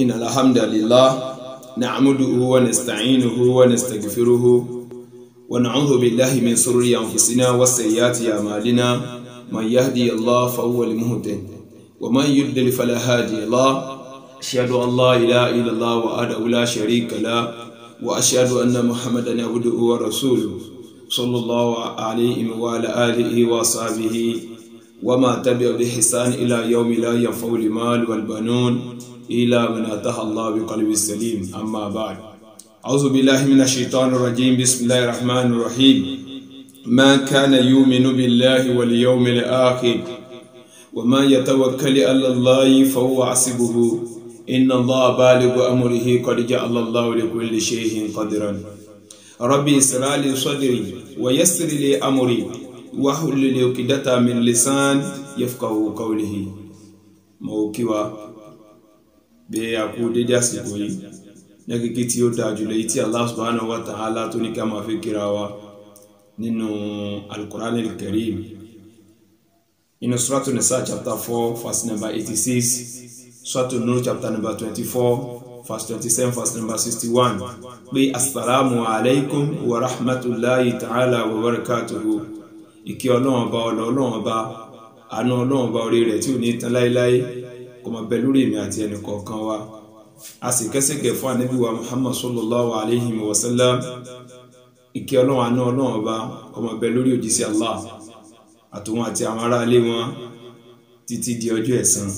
إن الحمد لله نعمده ونستعينه ونستغفره ونعوذ بالله من شرور أنفسنا وسيئات أعمالنا من يهدي الله فهو المهتد ومن يضلل فلا هادي له أشهد أن لا إله إلا الله وحده لا شريك له وأشهد أن محمدا عبده ورسوله صلى الله عليه وعلى آله وصحبه وما تبع بإحسان إلى يوم لا ينفع المال والبنون إلا من أتاه الله بقلب سليم أما بعد أعوذ بالله من الشيطان الرجيم بسم الله الرحمن الرحيم ما كان يؤمن بالله واليوم الآخر وما يتوكل على الله فهو عصبه إن الله بالغ أمره قد جعل الله لكل شيء قدرا ربي اسرع لي صدري ويسر لي أمري واحلل عقدة من لسان يفقه قوله موكوا pé a kú dédé àsìkò yìí ní akéké tí ó dáa jùlọ èyí tí Allah subhanahu wa ta'ala tó ní ká máa fi kíra wa nínú al-Qur'an al-Karim nínú suratu nisa chapter four verse number eighty six suratu nur chapter number twenty four verse twenty seven verse number sixty one pé asalaamu alaykum wa rahmatulahi ta'ala wa barakatuhu ìkí ọlọ́run ọba ọlọ́run ọba àánú ọlọ́run ọba orí rẹ̀ tí ò ní tán láéláé kó máa bẹ lórí èmi àti ẹnì kọ̀ọ̀kan wa a sì kẹ́sẹ̀kẹ́ fún ànábì wa muhammad sallallahu alayhi wa sallam ìkẹ́ ọlọ́run àánú ọlọ́run ọba kó lórí òjíṣẹ́ allah àtòun àti àwọn aráalé wọn títí di ọjọ́ ẹ̀san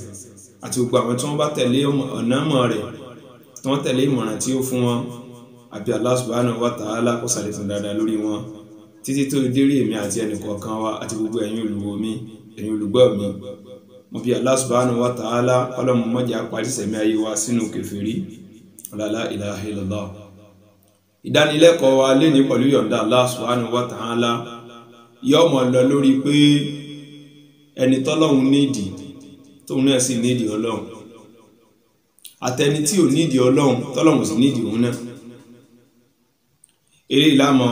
àti gbogbo àwọn tí wọ́n bá tẹ̀lé ọ̀nà mọ̀ rẹ̀ tí wọ́n tẹ̀lé ìmọ̀ràn tí ó fún wọn àbí Allah subhanahu wa ta'ala kó ṣàlékún dáadáa lórí wọn títí tó dérí èmi àti ẹnìkọ̀ọ̀kan wa àti gbogbo ẹ̀yin olùwò mi ẹ̀yin olùgbọ́ mi mo bí Allah subhanahu wa ta'ala ọlọ́mọ mọ́jà parí sẹ̀mí ayé wa sínú kẹfìrí ọ̀làlá ilaha illallah ìdánilẹ́kọ̀ọ́ wa lé ní pẹ̀lú yọ̀ǹda Allah subhanahu wa ta'ala yóò mọ̀ lọ lórí pé ẹni tọ́lọ́hun nídìí tóun náà sì nídìí ọlọ́hun àtẹni tí ò nídìí ọlọ́hun tọ́lọ́hun sì nídìí òun náà eré ìlàmọ̀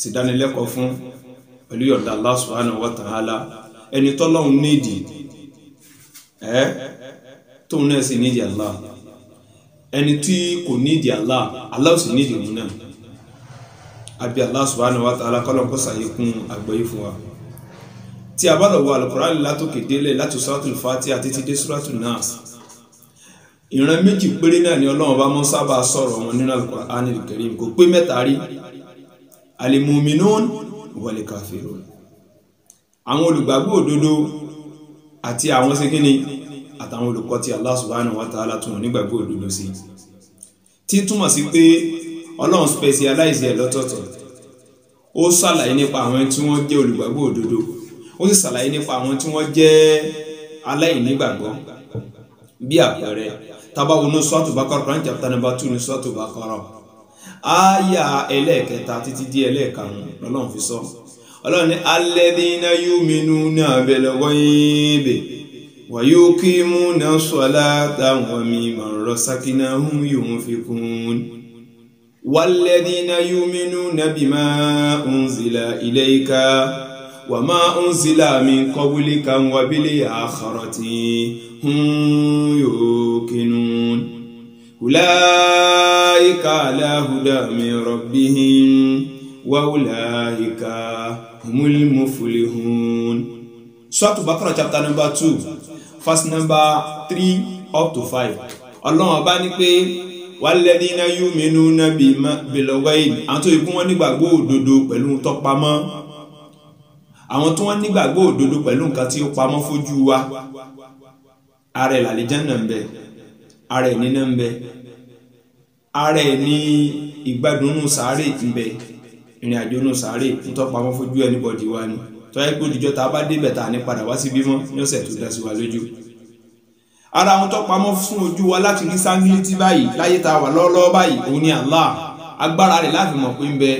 ṣèdánilẹ́kọ̀ọ́ fún pẹ̀lú yọ̀ǹda Allah subhanahu wa ta'ala ẹni tọ́lọ́hún nídìí ẹ tóun náà sì nídìí Allah ẹni tí kò nídìí Allah Allah sì nídìí òun náà àbí Allah subhanahu wa ta'ala kọ́lọ̀ kó sàyẹ̀kún àgbọ̀yé fún wa tí a bá lọ wo alukurani látòkè délẹ̀ láti suratul Fatiha títí dé suratul Nas ìran méjì péré náà ni ọlọ́run bá mọ́ sábà sọ̀rọ̀ wọn nínú alukurani Karim kò pé mẹ́ta rí al-mu'minun wal kafirun àwọn olùgbàgbọ́ òdodo àti àwọn sekínì àtàwọn olùkọ́ ti Allah subhanahu wa ta'ala tún wọn nígbàgbọ́ òdodo sí tí túmọ̀ sí pé ọlọ́run specialize ẹ̀ lọ́tọ̀ọ̀tọ̀ ó ṣàlàyé nípa àwọn tí wọ́n jẹ́ olùgbàgbọ́ òdodo ó sì ṣàlàyé nípa àwọn tí wọ́n jẹ́ aláìnígbàgbọ́ bí àpẹẹrẹ tabawo ní sọ́ọ̀tù Baqara Quran chapter number two ní sọ́ọ̀tù Baqara ááyà ẹlẹ́ẹ̀kẹta títí di ẹlẹ́ẹ̀karùn-ún lọ́lọ́run fi sọ́ọ̀ ọlọ́run ní alẹ́dínà yu'minuna bil ghaibi wa yuqimuna salata wa mimma razaqnahum yunfiqun والذين يؤمنون بما أنزل إليك وما أنزل من قبلك وبالآخرة هم يوقنون أولئك على هدى من ربهم wàhùláhìkà humulmufulihun. sọ́ọ̀tù bákọ́rọ̀ chapter number two verse number three up to five ọlọ́run ọba ní pé wàlẹ́dínà yúmínú nàbí bìlọ́wẹ́yìn àwọn tó yẹ kí wọ́n nígbàgbọ́ òdodo pẹ̀lú tọ́pamọ́ àwọn tí wọ́n nígbàgbọ́ òdodo pẹ̀lú nǹkan tí ó pamọ́ fojú wa ara ẹ̀ làlìjánà ń bẹ ara ẹ̀ níná ń bẹ ara ẹ̀ ní ìgbádùn nù sáré ń ìrìn àjò náà sáré ń tọ́ pamọ́ fojú ẹnibọ̀dì wa ni tọ́yẹ́ pé òdìjọ́ tá a bá débẹ̀ tá a ní padà wá sí bímọ ní ọ̀sẹ̀ tó dá sí wa lójú. ara àwọn tó fún ojú wa láti rí sángílítì báyìí láyé tá wà lọ́ọ́lọ́ọ́ báyìí òun ni Allah agbára rẹ̀ láti mọ̀ pé ń bẹ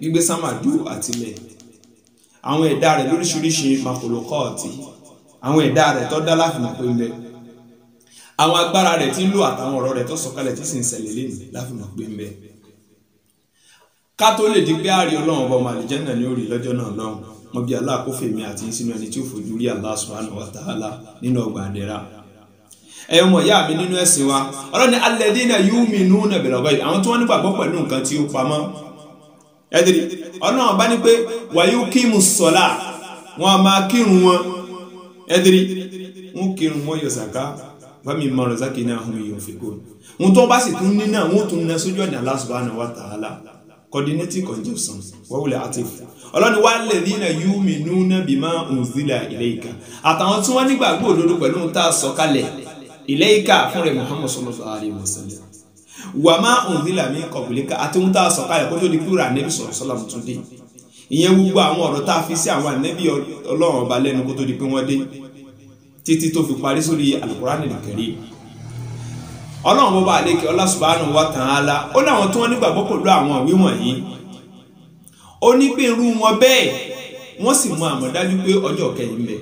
gbígbé sámàdú àtìlẹ̀ àwọn ẹ̀dá rẹ̀ lóríṣiríṣi makolokọ́ọ̀tì àwọn ẹ̀dá rẹ̀ tó dá láti mọ̀ pé ń bẹ àwọn agbára rẹ̀ tí ń lò àtàwọn ọ̀rọ̀ rẹ̀ tó sọ̀kalẹ̀ tí sì ń ṣẹlẹ̀ lẹ́nu láti mọ̀ pé ń bẹ ká tó lè di pé àárí ọlọ́run ọba ọmọ àlìjẹ́nà ni ó rí lọ́jọ́ náà lọ́hùn mo bí Allah kó fèmí àti sínú ẹni tí ó fojú rí Allah subhanahu wa ta'ala nínú ọgbà àdẹ́ra ẹ̀yin ọmọ ìyá mi nínú ẹ̀sìn wa ọlọ́ni alladina yu'minuna bil ghaib àwọn tí wọ́n nígbàgbọ́ pẹ̀lú nǹkan tí ó pamọ́ ẹ̀dìrì ọlọ́run bá ní pé wa yuqimus salah wọn a máa kírun wọn ẹ̀dìrì wọn kírun wọn yọ sàká fami mọ̀rọ̀ sákìnnà ahum yunfiqun wọn tó bá sì tún ní náà wọn tún ná sójú ọ̀nà Allah subhanahu wa ta'ala coordinating conjunction wọ́wùlẹ̀ atif ọlọ́ni wà lẹ̀ nínà yúmi núnà bímá unzila ilayka àtàwọn tí wọ́n nígbàgbọ́ òdodo pẹ̀lú ń tà sọ̀kalẹ̀ ilayka fún rẹ̀ muhammad sallallahu alayhi wa wà má unzila min qablika àti ń tà sọ̀kalẹ̀ kó tó di kúrò ànẹ́bí sọ̀rọ̀ sọ́lá tún dé ìyẹn gbogbo àwọn ọ̀rọ̀ tá a fi sí àwọn ànẹ́bí ọlọ́run ọba lẹ́nu kó tó pé wọ́n dé títí tó fi parí sórí alukurani nìkẹ́rì ọlọ́run bọba àlekè Allah subhanahu wa ta'ala ó láwọn tí wọ́n nígbàgbọ́ pẹ̀lú àwọn ìwé wọ̀nyí ó ní pé irú wọn bẹ́ẹ̀ wọ́n sì mọ àmọ̀dájú pé ọjọ́ kẹyìn ń bẹ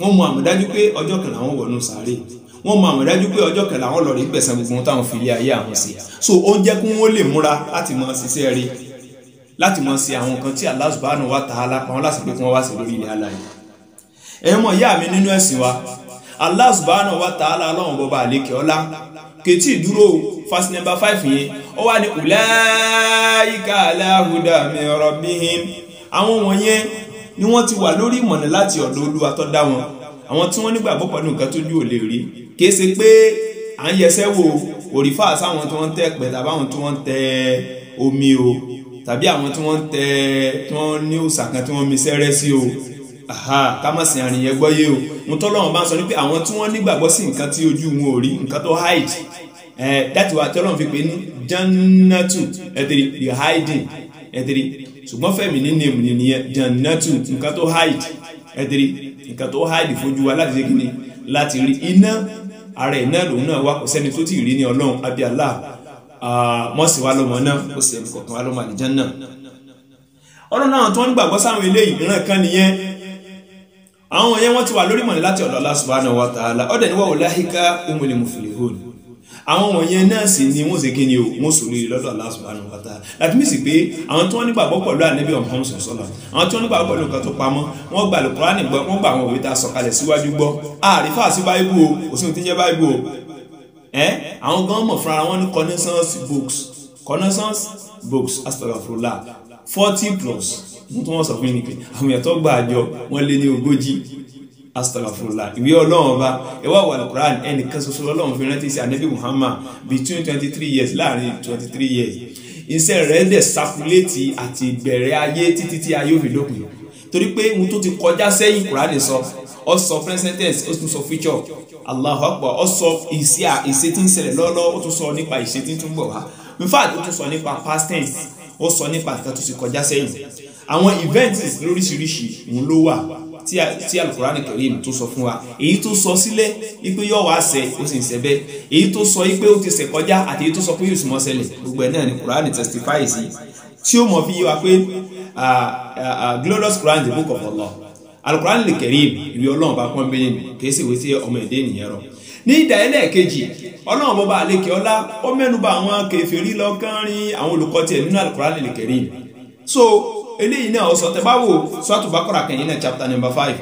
wọ́n mọ àmọ̀dájú pé ọjọ́ kẹlà wọn wọnú sáré wọ́n mọ àmọ̀dájú pé ọjọ́ kẹlà wọn lọ́ọ́ rí gbẹ̀sán gbogbo táwọn fi ilé ayé àwọn sí so ó ń jẹ́ kí wọ́n lè múra láti mọ ṣiṣẹ́ rí láti mọ ṣe àwọn nǹkan tí Allah subhanahu wa ta'ala pa wọn láti pé kí wọ́n wá sí lórí ilé aláyé ẹ̀yọ́ mọ̀ ìyá mi nínú ẹ̀sìn wa Allah subhanahu wa ta'ala ọlọ́run bọba àlékè ọlá kètì ìdúró fásitì nẹ́mbà fáìfì yẹn ó wà ní ulaika ala huda min rabbihim àwọn wọ̀nyẹn ni wọ́n ti wà lórí ìmọ̀nà láti ọ̀dọ̀ olúwa tó dá wọn àwọn tí wọ́n nígbàgbọ́ pẹ̀lú nǹkan tó dúró lè rí kì ṣe pé à ń yẹsẹ́ wo òrìfà sáwọn tí wọ́n ń tẹ pẹ̀ tàbí àwọn tí wọ́n ń tẹ omi o tàbí àwọn tí wọ́n ń tẹ tí wọ́n ní òòsàn tí wọ́n mi sẹ́rẹ́ sí o ká má sin àrìn yẹn gbọ́ yé o mo tọ́ lọ́wọ́n bá ń sọ ní pé àwọn tí wọ́n nígbàgbọ́ sí nǹkan tí ojú wọn ò rí nǹkan tó hide láti wà tọ́lọ́wọ́n fi pè ní jannatu ẹ̀tẹ̀rì the hiding ẹ̀tẹ̀rì ṣùgbọ́n fẹ̀mí ní nèmù nìyẹn jannatu nǹkan tó hide ẹ̀tẹ̀rì nǹkan tó hide fojú wa láti ṣe kí ni láti rí iná ara ẹ̀ náà lòun náà wá kò sẹ́ni tó ti rí ní ọlọ́run àbí Allah mọ́sí wa lọ́mọ náà ó sì kọ̀ọ̀kan wa lọ́mọ àlìjá náà ọlọ́run náà tó ń gbàgbọ́ sáwọn eléyìí ìran kan nìyẹn àwọn yẹn wọ́n ti wà lórí mọ̀lẹ́ láti ọ̀dọ̀ Allah subhanahu wa ta'ala ọ̀dẹ̀ ni wa ulaika humul muflihun àwọn wọ̀nyẹn náà sì ni wọ́n ṣe kí ni o wọ́n sòrí lọ́dọ̀ Allah subhanahu wa ta'ala láti mí sì pé àwọn tí wọ́n nígbàgbọ́ pẹ̀lú ànábì Muhammad sallallahu àwọn tí wọ́n nígbàgbọ́ pẹ̀lú nǹkan tó pamọ́ wọ́n gbà Al-Qur'ani gbọ́ wọ́n gbà àwọn òwe tá a sọ̀kalẹ̀ síwájú gbọ́ àrífà sí báyìí o kò sí ohun tí ń jẹ́ báyìí o ẹ àwọn gan mọ̀ fúnra wọn ní connaissance books connaissance books astaghfirullah forty plus mo tún wọ́n sọ fún yín ni pé àwọn èèyàn tó gbà àjọ wọ́n lé ní ogójì astagfurula ìwé ọlọ́run ọba ẹwà wà lùkùrán ẹnìkan ṣoṣo ọlọ́run fi rántí sí anabi muhammad between twenty three years láàrin twenty three years iṣẹ́ rẹ̀ dẹ̀ sakuléètì àti ìbẹ̀rẹ̀ ayé títí tí ayé òfin lópin torí pé mo tó ti kọjá sẹ́yìn kùránì sọ ọ sọ present tense ó tún sọ future allahu akbar ọ sọ ìṣe ìṣe tí ń ṣẹlẹ̀ lọ́lọ́ ó tún sọ nípa ìṣe tí ń túbọ̀ wá in fact ó tún sọ nípa past tense ó sọ nípa ìkan tó ti kọjá sẹ́yìn àwọn events lóríṣiríṣi òun ló wà tí alukurani karim tó sọ fún wa èyí tó sọ sílẹ̀ ipe yóò wá ṣẹ ó sì ń ṣẹ bẹ́ẹ̀ èyí tó sọ ipe ó ti ṣẹ kọjá àti èyí tó sọ pé yóò sì mọ́ ṣẹlẹ̀ gbogbo ẹ̀ náà ni kurani testify sí tí ó mọ̀ fi yé wa pé glorious quran the book of allah alukurani lè karim ìwé ọlọ́run bá pọ́n bẹ́ẹ̀ kì í sì wé sí ọmọ èdè ènìyàn rọ ní ìdáyẹlẹ kejì ọlọ́run bọba àlekè ọlá ó mẹ́nubà àwọn kèfèrí lọ́kànrin àwọn olùkọ́ tiẹ̀ nínú alukurani lè karim so eléyìí náà ọsọ tẹ bá wò sọ́tù bákọ́rà kẹ́yìn náà chapter number five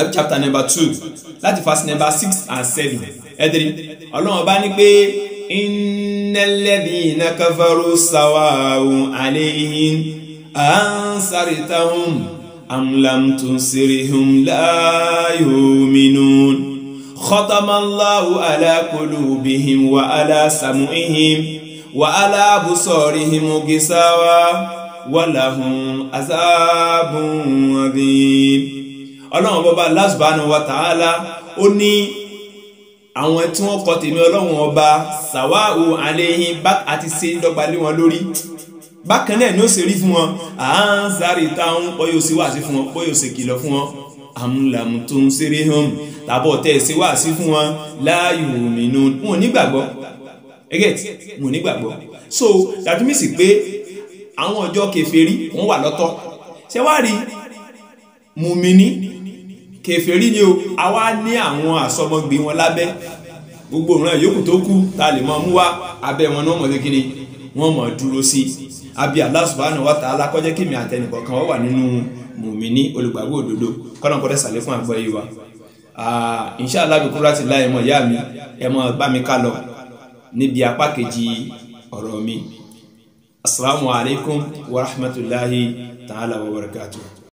àbí chapter number two láti verse number six and seven ẹ̀dẹ̀rì ọlọ́run bá ní pé innalladhina kafaru sawa'un alayhim ansaritahum am lam tunsirihum la yu'minun khatamallahu ala qulubihim wa walahum azabun adhim ọlọ́run bọ́ba Allah wa ta'ala ó ní àwọn tí wọ́n kọ tèmi ọlọ́run ọba sàwáhù aléhìn bá àti ṣe dọ́gba lé wọn lórí bákan náà ni ó ṣe rí fún wọn à ń sáré táwọn bóyá ó ṣe wáàsí fún wọn bóyá ó ṣe kìlọ̀ fún wọn àmúlamù tó ń ṣeré hàn tàbọ̀ tẹ́ ẹ ṣe wáàsí fún wọn láàyò mìíràn wọn ò nígbàgbọ́ ẹgẹ́tì wọn ò nígbàgbọ́ so that means pé àwọn ọjọ́ kèfèrí wọ́n wà lọ́tọ̀ ṣé wàá rí mùmíní kèfèrí ni o àwa ní àwọn àsọmọgbé wọn lábẹ́ gbogbo ìran yòókù tó kù tá a lè mọ mú wá abẹ́ wọn náà mọ̀ kékeré wọ́n mọ̀ dúró sí i àbí Allah wa ta'ala kó jẹ́ kémi àtẹnìkọ̀ọ̀kan wọ́n wà nínú mùmíní olùgbàgbọ́ òdodo kọ́nà kọ́dẹ́ sàlẹ̀ fún àgbọ̀ yìí wa insha Allah bi kúrò àti láì mọ̀ ìyá mi ẹ mọ̀ bá mi ká lọ níbi apá kejì ọ̀rọ̀ mi. السلام عليكم ورحمة الله تعالى وبركاته